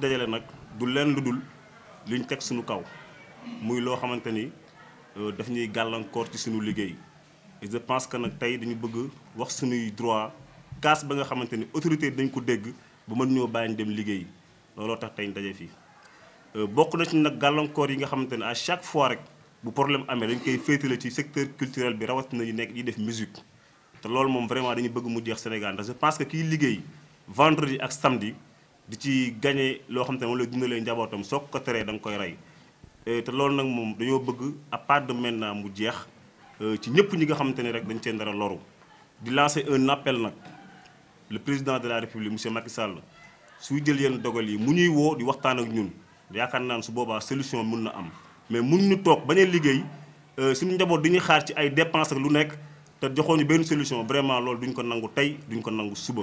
fi dajale nag du leen lu liñ tek suñu kaw muy lo xamanteni ni euh, daf ñuy gàllankoor ci suñu liggéey et je pense que nak tay dañu bëgg wax suñu droit kaas ba nga xamanteni autorité dañ ko dégg bu mën ñoo bañ dem liggéey looloo tax tay tey daje fii. Euh, bokku na ci nag gàllankoor yi nga xamanteni à chaque fois rek bu problème amé dañ koy féetale ci secteur culturel bi rawat na yi nekk yi def musique té lool mom vraiment dañu bëgg mu jeex Sénégal ndax je pense que ki liggéey vendredi ak samedi di ci gañe loo xam te ne wala dundalee njabootam soo ko teree da nga koy rey euh, te loolu nag moom dañoo bëgg à part de maintenant mu jeex euh, ci ñëpp ñi nga xamante rek dañ cee dara loru di lancer un appel nak, le président de la république monsieur Macky Sall suy jël yenn dogal yi mu ñuy woo di waxtaan ak ñun yaakaar naan su boobaa solution mun am mais mun ñu toog bañ a liggéey euh, suñu njaboot di ñu xaar ci ay dépenses ak lu nekk te joxoon ñu solution vraiment loolu duñ ko nangu tey duñ ko nangu suba.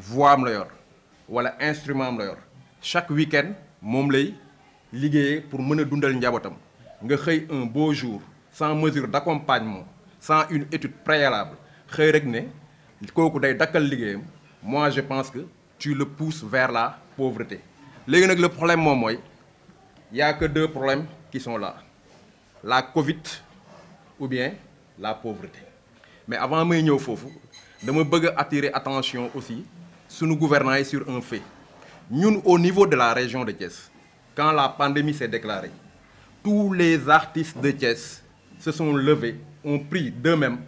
voix am la yor wala instrument chaque week-end moom lay liggéeyee pour mën a dundal Si nga xëy un beau jour sans mesure d'accompagnement sans une étude préalable xëy rek ne kooku day moi je pense que tu le pousses vers la pauvreté léegi nag le problème moom il y a que deux problèmes qui sont là la Covid ou bien la pauvreté mais avant may ñëw foofu dama bëgg attirer attention aussi si nous gouvernons sur un fait nous au niveau de la région de Thiès quand la pandémie s'est déclarée tous les artistes de Thiès se sont levés ont pris d'eux-mêmes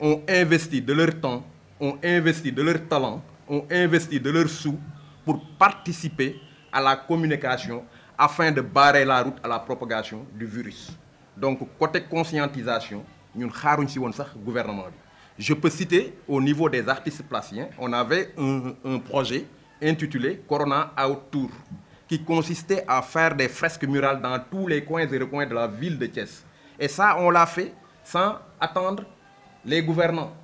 ont investi de leur temps ont investi de leur talent ont investi de leurs sous pour participer à la communication afin de barrer la route à la propagation du virus donc côté conscientisation nous avons un gouvernement je peux citer au niveau des artistes placiens. on avait un, projet intitulé Corona Tour qui consistait à faire des fresques murales dans tous les coins et recoins de la ville de Thiès. Et ça, on l'a fait sans attendre les gouvernants.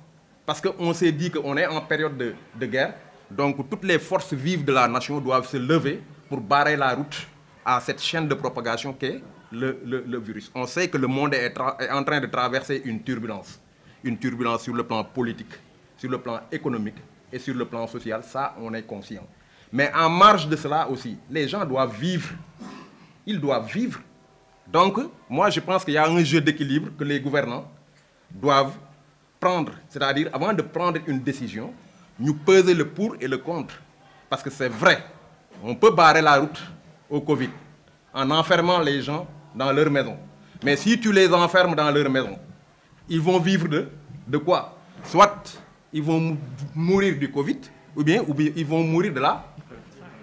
Parce qu'on s'est dit qu'on est en période de, guerre, donc toutes les forces vives de la nation doivent se lever pour barrer la route à cette chaîne de propagation qu'est le, le, virus. On sait que le monde est en train de traverser une turbulence une turbulence sur le plan politique, sur le plan économique et sur le plan social. Ça, on est conscient. Mais en marge de cela aussi, les gens doivent vivre. Ils doivent vivre. Donc, moi, je pense qu'il y a un jeu d'équilibre que les gouvernants doivent prendre. C'est-à-dire, avant de prendre une décision, nous peser le pour et le contre. Parce que c'est vrai, on peut barrer la route au Covid en enfermant les gens dans leur maison. Mais si tu les enfermes dans leur maison, ils vont vivre de, de quoi Soit ils vont mourir du Covid, ou bien, ou bien ils vont mourir de la,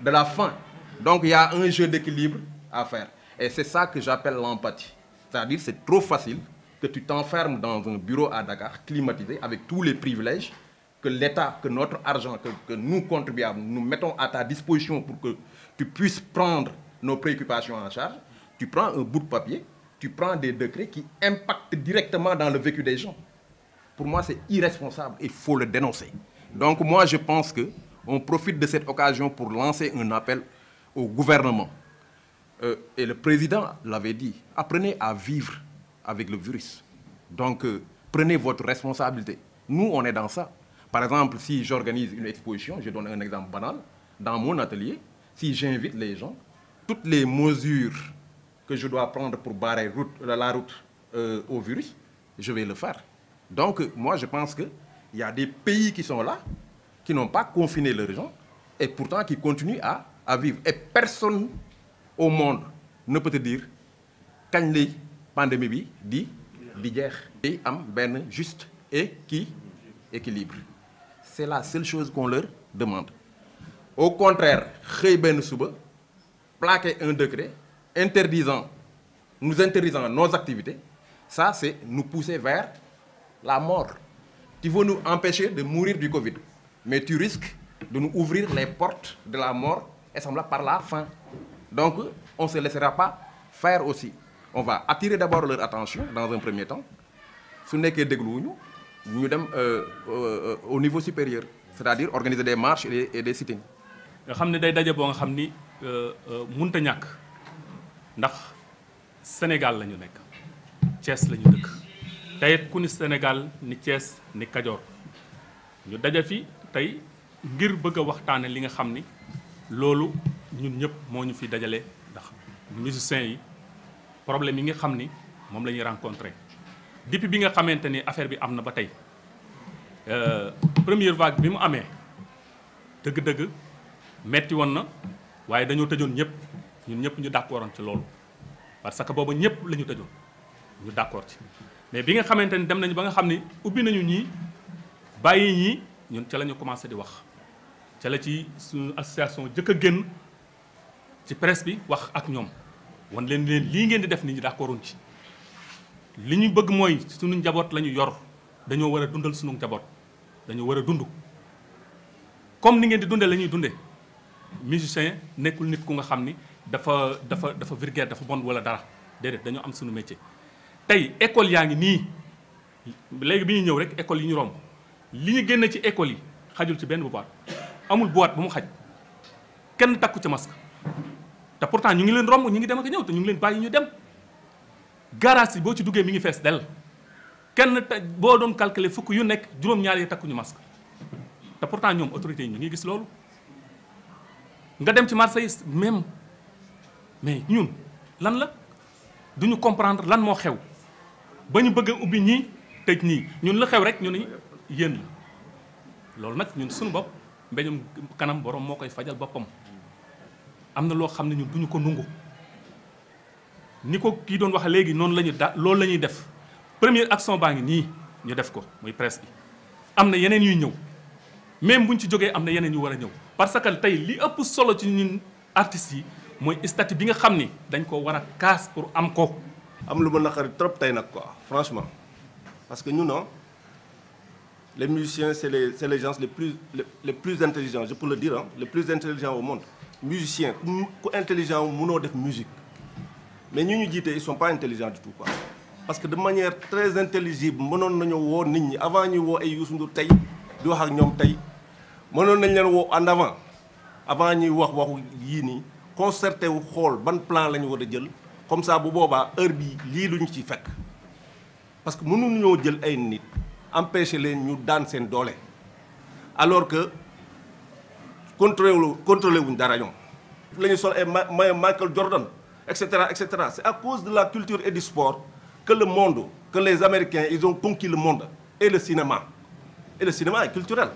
de la faim. Donc il y a un jeu d'équilibre à faire. Et c'est ça que j'appelle l'empathie. C'est-à-dire c'est trop facile que tu t'enfermes dans un bureau à Dakar, climatisé, avec tous les privilèges que l'État, que notre argent, que, que, nous contribuables, nous mettons à ta disposition pour que tu puisses prendre nos préoccupations en charge. Tu prends un bout de papier, tu prends des décrets qui impactent directement dans le vécu des gens. Pour moi, c'est irresponsable il faut le dénoncer. Donc moi, je pense que on profite de cette occasion pour lancer un appel au gouvernement. Euh, et le président l'avait dit, apprenez à vivre avec le virus. Donc euh, prenez votre responsabilité. Nous, on est dans ça. Par exemple, si j'organise une exposition, je donne un exemple banal, dans mon atelier, si j'invite les gens, toutes les mesures que je dois prendre pour barrer la route euh, au virus, je vais le faire. Donc, moi, je pense qu'il y a des pays qui sont là, qui n'ont pas confiné leurs gens, et pourtant qui continuent à, vivre. Et personne au monde ne peut te dire quand la pandémie dit, l'hiver Et ben juste et qui équilibre. C'est la seule chose qu'on leur demande. Au contraire, plaquer un degré interdisant, nous interdisant nos activités, ça c'est nous pousser vers la mort. Tu veux nous empêcher de mourir du Covid, mais tu risques de nous ouvrir les portes de la mort, et par la faim. Donc on ne se laissera pas faire aussi. On va attirer d'abord leur attention dans un premier temps. Ce n'est que des nous au niveau supérieur, c'est-à-dire organiser des marches et des, sit-ins. ndax Sénégal lañu nekk Thiès lañu ñu dëkk teyit ku ni Sénégal ni Thiès ni Kajoor ñu daja fi tey ngir bëgg a waxtaane li nga xam ni loolu ñun ñëpp moo ñu fi dajale ndax musiciens yi problème yi nga xam ni moom la ñuy rencontré depuis bi nga xamante ni affaire bi am na ba tey euh, première vague bi mu amee dëgg-dëgg metti woon na waaye dañoo tëjoon ñëpp ñun ñëpp ñu d'accordoon ci loolu parce que boobu ñëpp lañu ñu tëjoon ñu d'accord ci mais bi nga xamante ni dem nañu ba nga xam ni ubbi nañu ñii bàyyi ñii ñun ca lañu commencé di wax ca la ci suñu association jëkk a génn ci presse bi wax ak ñoom wan leen leen lii ngeen di def ni ñu d'accorduñ ci li ñu bëgg mooy suñu njaboot lañu yor dañoo war a dundal suñu njaboot dañoo war a dund comme ni ngeen di dundee la ñuy dundee musicien nekkul nit ku nga xam ni dafa dafa dafa vulgaire dafa bon wala dara déedéet dañoo am suñu métier. tey école yaa ngi nii léegi bi ñuy ñëw rek école yi ñu romb li ñu génn ci école yi xajul ci benn boîte amul boîte bu mu xaj kenn takku ca maska te pourtant ñu ngi leen romb ñu ngi dem ak ñëw te ñu ngi leen bàyyi ñu dem. garage yi boo ci duggee mi ngi fees dell kenn te boo doon calculer fukk yu nekk juróom-ñaar yi takkuñu maska te pourtant ñoom autorité yi ñu ngi gis loolu nga dem ci marché yi même. mais nous, lan la duñu comprendre lan Nous xew ba bëgg nous ubbi faire ñun la xew rek ni la ñun suñu faire des kanam borom mo koy fajal choses. Nous lo faire nous ko ni doon def premier action ni ñu def ko muy presse bi yeneen même buñ ci joggé des yeneen parce que tay li ëpp solo ci bi nga pour franchement parce que nous les musiciens c'est les gens les plus intelligents je peux le dire hein, les plus intelligents au monde. Musiciens, intelligents, intelligent de def musique mais nous ñu jité ils sont pas intelligents du tout quoi parce que de manière très intelligible nañu avant ñu wo ay Youssou Ndour tay di wax ak ñom tay nañ en avant avant wax concerté wu hall, ban plan la ñu comme ça bu boobaa heure bi lii lu parce que nous ñoo jël ay nit empêcher leen ñu dans seen dolé alors que contrôlé wu contrôlé wuñ dara gens Michael Jordan Etc, etc... C'est à cause de la culture et du sport que le monde que les Américains ils ont conquis le monde et le cinéma et le cinéma est culturel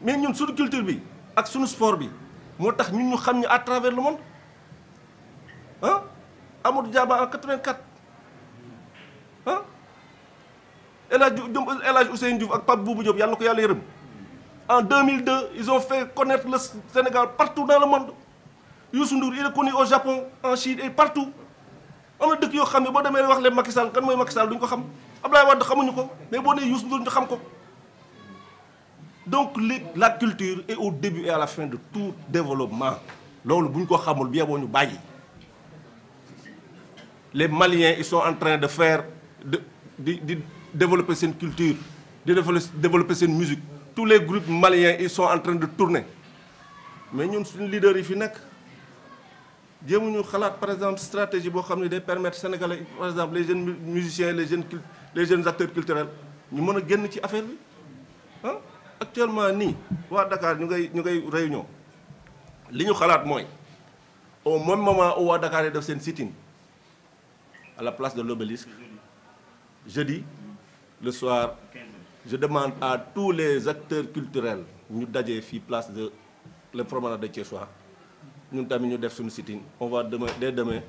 mais sur la culture bi sur le sport moo tax ñun ñu xam ñu à travers le monde ah Amadou Diaba en 84 ah El Hadj Diop El Hadj Ousseynou Diouf ak Pape Boubou Diop yàlla na ko yàlla yërëm en 2002 ils ont fait connaître le Sénégal partout dans le monde Youssou Ndour il est connu au Japon en Chine et partout am na dëkk yoo xam ne boo demee wax leen Macky Sall kan mooy Macky Sall duñ ko xam Abdoulaye Wade xamuñu ko mais boo nee Youssou Ndour ñu xam ko. donc la culture est au début et à la fin de tout développement loolu bu ko xamul bi les Maliens ils sont en train de faire de développer cette culture de développer cette musique tous les groupes maliens ils sont en train de tourner mais nous, sommes leaders yi fi nous par exemple stratégie pour sénégalais par exemple les jeunes musiciens les jeunes les jeunes acteurs culturels ñu faire a affaire hein? actuellement ni waa Dakar ñu ngay ñu ngay réunion li ñu xalaat au même moment où Dakar est def sen sit à la place de l'obélisque jeudi le soir je demande à tous les acteurs culturels ñu dajé la place de le promenade de Thiessois ñun tamit ñu def suñu on va demain dès demain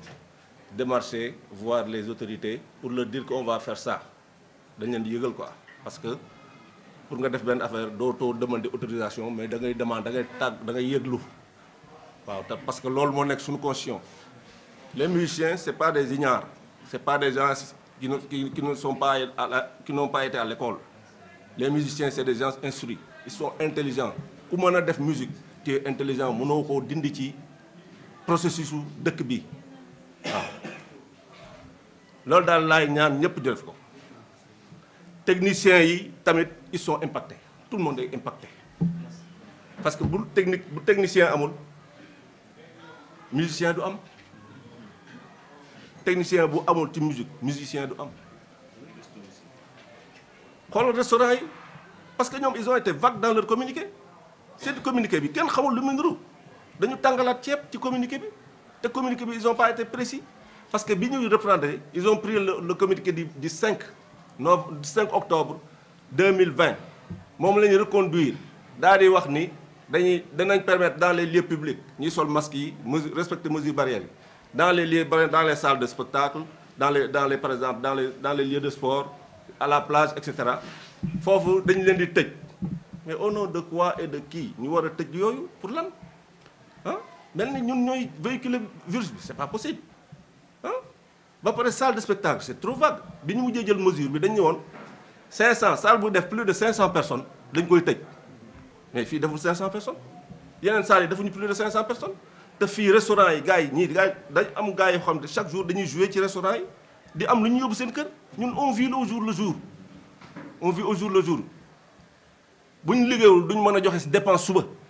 démarcher voir les autorités pour leur dire qu'on va faire ça dañ leen quoi parce que pour nga def ben affaire dootoo demander autorisation mais da ngay demande da ngay tag da ngay yeglu waaw parce que lool mo nek suñu conscient... les musiciens c'est pas des ignares c'est pas des gens qui ne qui, ne sont pas qui n'ont pas été à l'école les musiciens c'est des gens instruits ils sont intelligents ku mën de def musique tu es intelligent mënoo ko dindi ci processus su dëkk bi waaw loolu daal laay ñaan ñëpp def ko techniciens yi tamit ils sont impactés tout le monde est impacté parce que les techniciens bu technicien de musicien techniciens musiciens technicien bu amul musique musicien am parce que ils ont été vagues dans leur communiqué le communiqué bi kenn xamul lu mu dañu tàngalaat ci communiqué communiqué ils n'ont pas été précis parce que bi ils ont pris le communiqué du 5 octobre 2020 moom la ñu reconduire daal di wax ni dañuy permettre dans les lieux publics ni sol masques yi respecter mesures barrières dans les lieux dans les salles de spectacle dans les dans les par exemple dans les dans les lieux de sport à la plage etc. cetera foofu dañu leen di tëj mais au nom de quoi et de qui ni war a tëj pour lan ah mel ni ñun ñooy véhiculer virus c'est pas possible Hein? Bah pour les salle de spectacle c'est trop vague bi ñu mujjee jël mesure bi dañu ni woon. 500 salle plus de 500 personnes dañ koy mais fii 500 personnes a salle plus de 500 personnes te Les restaurant yi gars gars, gars dañ chaque jour dañuy jouer ci restaurant yi di am on vit au jour le jour on vit au jour le jour Si ñu